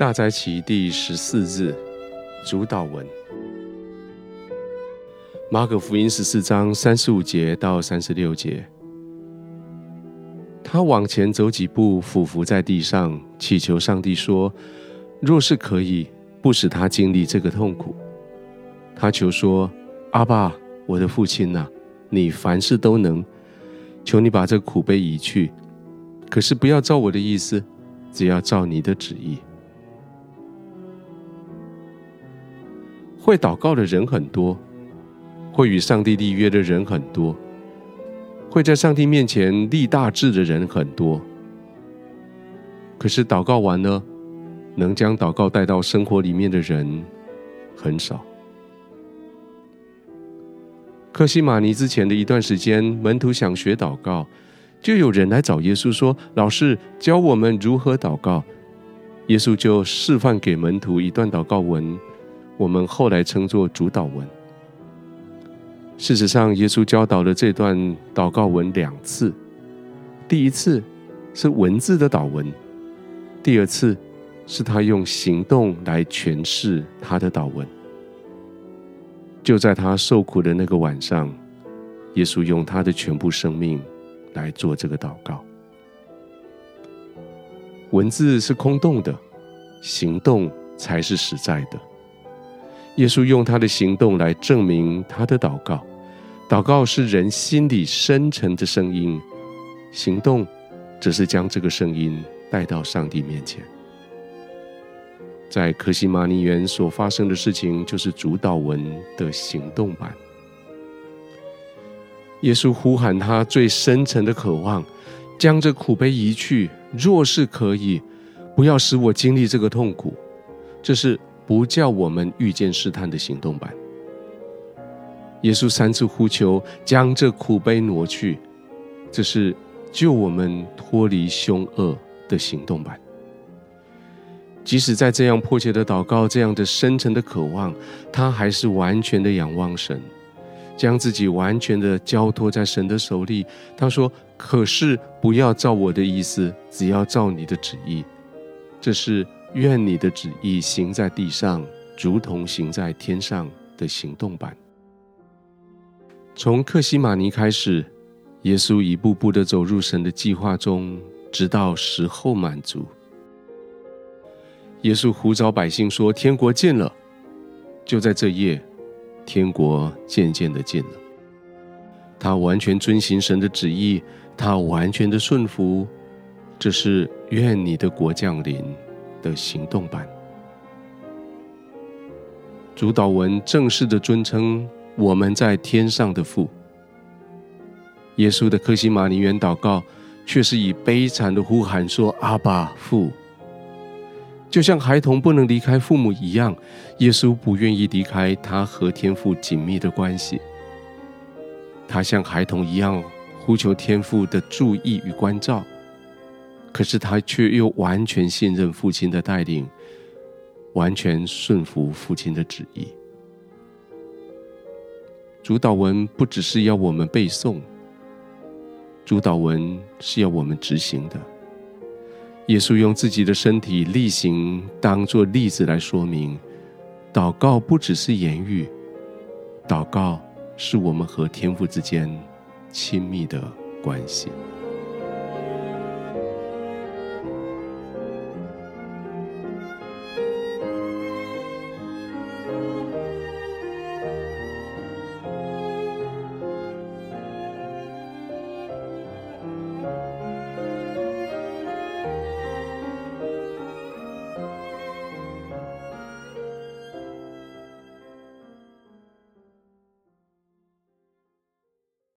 大齋期第十四日，主禱文。馬可福音十四章三十五節到三十六節，他往前走幾步，俯伏在地上，祈求上帝說：“若是可以，不使他經歷這個痛苦。”他求說：“阿爸，我的父親哪、啊，你凡事都能，求你把這苦杯移去。可是不要照我的意思，只要照你的旨意。”會禱告的人很多，會與上帝立約的人很多，會在上帝面前立大志的人很多。可是禱告完了，能將禱告帶到生活裡面的人很少。客西馬尼之前的一段時間，門徒想學禱告，就有人來找耶穌說：“老師，教我們如何禱告。”耶穌就示範給門徒一段禱告文。我們後來稱作主禱文。事實上，耶穌教導了這段禱告文兩次：第一次是文字的禱文，第二次是他用行動來詮釋他的禱文。就在他受苦的那個晚上，耶穌用他的全部生命來做這個禱告。文字是空洞的，行動才是實在的。耶穌用他的行動來證明他的禱告。禱告是人心裡深沉的聲音，行動則是將這個聲音帶到上帝面前。在客西馬尼園所發生的事情，就是主禱文的行動版。耶穌呼喊他最深沉的渴望：將這苦杯移去，若是可以，不要使我經歷這個痛苦。這是。不叫我們遇見試探的行動版。耶穌三次呼求，將這苦杯挪去，這是救我們脫離凶惡的行動版。即使在這樣迫切的禱告、這樣的深沉的渴望，他還是完全的仰望神，將自己完全的交托在神的手裡。他說：“可是不要照我的意思，只要照你的旨意。”這是。願你的旨意行在地上，如同行在天上的行動版。從客西馬尼開始，耶穌一步步地走入神的計劃中，直到時候滿足。耶穌呼召百姓說：“天國近了。”就在這夜，天國漸漸的近了。他完全遵行神的旨意，他完全的順服。這是願你的國降臨的行動版，主禱文正式的尊稱我們在天上的父。耶穌的克西馬尼園禱告，卻是以悲慘的呼喊說：“阿爸父。”就像孩童不能離開父母一樣，耶穌不願意離開他和天父緊密的關係。他像孩童一樣呼求天父的注意與關照。可是他卻又完全信任父親的帶領，完全順服父親的旨意。主禱文不只是要我們背誦，主禱文是要我們執行的。耶穌用自己的身體力行當做例子來說明，禱告不只是言語，禱告是我們和天父之間親密的關係。